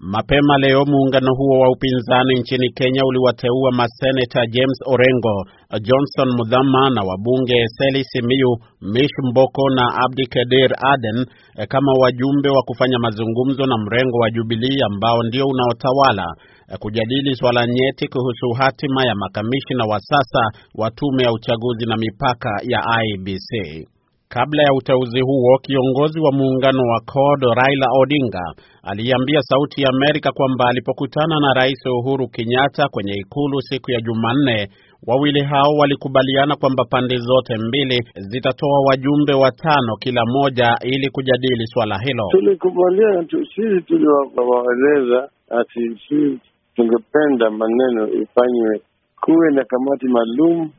Mapema leo muungano huo wa upinzani nchini Kenya uliwateua maseneta James Orengo, Johnson Mudhama na wabunge Seli miu Mish Mboko na Abdi Kadir Aden e, kama wajumbe wa kufanya mazungumzo na mrengo wa Jubilii ambao ndio unaotawala e, kujadili swala nyeti kuhusu hatima ya makamishina wa sasa wa tume ya uchaguzi na mipaka ya IBC. Kabla ya uteuzi huo, kiongozi wa muungano wa CORD Raila Odinga aliambia Sauti ya Amerika kwamba alipokutana na Rais Uhuru Kenyatta kwenye ikulu siku ya Jumanne, wawili hao walikubaliana kwamba pande zote mbili zitatoa wajumbe watano kila moja ili kujadili swala hilo. Tulikubaliana sisi, tuliwaeleza ati sisi tungependa maneno ifanywe, kuwe na kamati maalum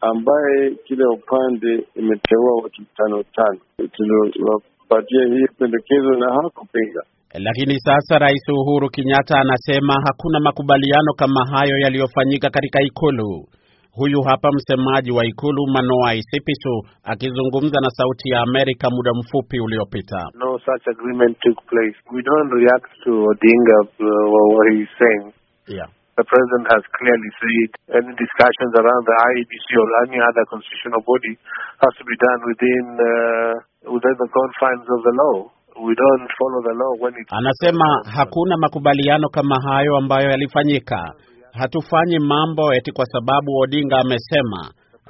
ambaye kila upande imeteua watu tano tano. Tuliwapatia hii pendekezo na hawakupinga. Lakini sasa Rais Uhuru Kenyatta anasema hakuna makubaliano kama hayo yaliyofanyika katika Ikulu. Huyu hapa msemaji wa Ikulu Manoa Isipisu akizungumza na Sauti ya Amerika muda mfupi uliopita. No such agreement took place. We don't react to Odinga, uh, what he's saying. Yeah. The president has clearly said any discussions around the IEBC or any other constitutional body has to be done within uh, within the confines of the law. We don't follow the law when it anasema hakuna makubaliano kama hayo ambayo yalifanyika. Hatufanyi mambo eti kwa sababu Odinga amesema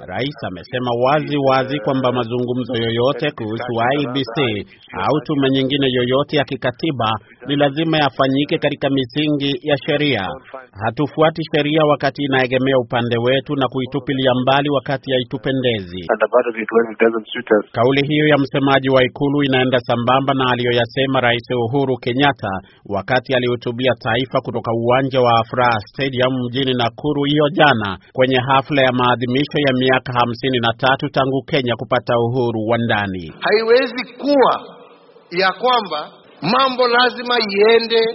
Rais amesema wazi wazi kwamba mazungumzo yoyote kuhusu IBC au tume nyingine yoyote ya kikatiba ni lazima yafanyike katika misingi ya sheria. Hatufuati sheria wakati inaegemea upande wetu na kuitupilia mbali wakati haitupendezi. Kauli hiyo ya msemaji wa ikulu inaenda sambamba na aliyoyasema Rais Uhuru Kenyatta wakati alihutubia taifa kutoka uwanja wa Afraha Stadium mjini Nakuru hiyo jana kwenye hafla ya maadhimisho ya miaka hamsini na tatu tangu Kenya kupata uhuru wa ndani. Haiwezi kuwa ya kwamba mambo lazima iende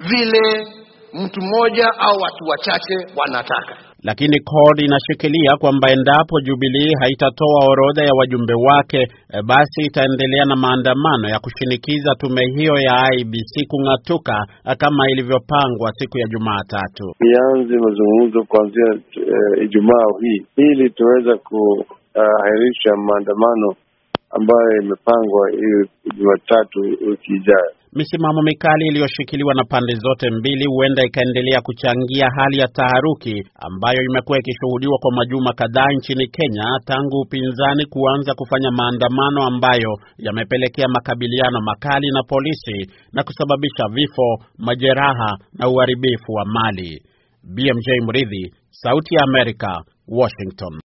vile mtu mmoja au watu wachache wanataka lakini CORD inashikilia kwamba endapo Jubilee haitatoa orodha ya wajumbe wake, eh, basi itaendelea na maandamano ya kushinikiza tume hiyo ya IBC kung'atuka eh, kama ilivyopangwa siku ya Jumatatu. Ianze mazungumzo kuanzia uh, Ijumaa hii ili tuweza kuahirisha maandamano ambayo imepangwa hiyo Jumatatu wiki ijayo. Misimamo mikali iliyoshikiliwa na pande zote mbili huenda ikaendelea kuchangia hali ya taharuki ambayo imekuwa ikishuhudiwa kwa majuma kadhaa nchini Kenya tangu upinzani kuanza kufanya maandamano ambayo yamepelekea makabiliano makali na polisi na kusababisha vifo, majeraha na uharibifu wa mali. BMJ Mridhi, Sauti ya america Washington.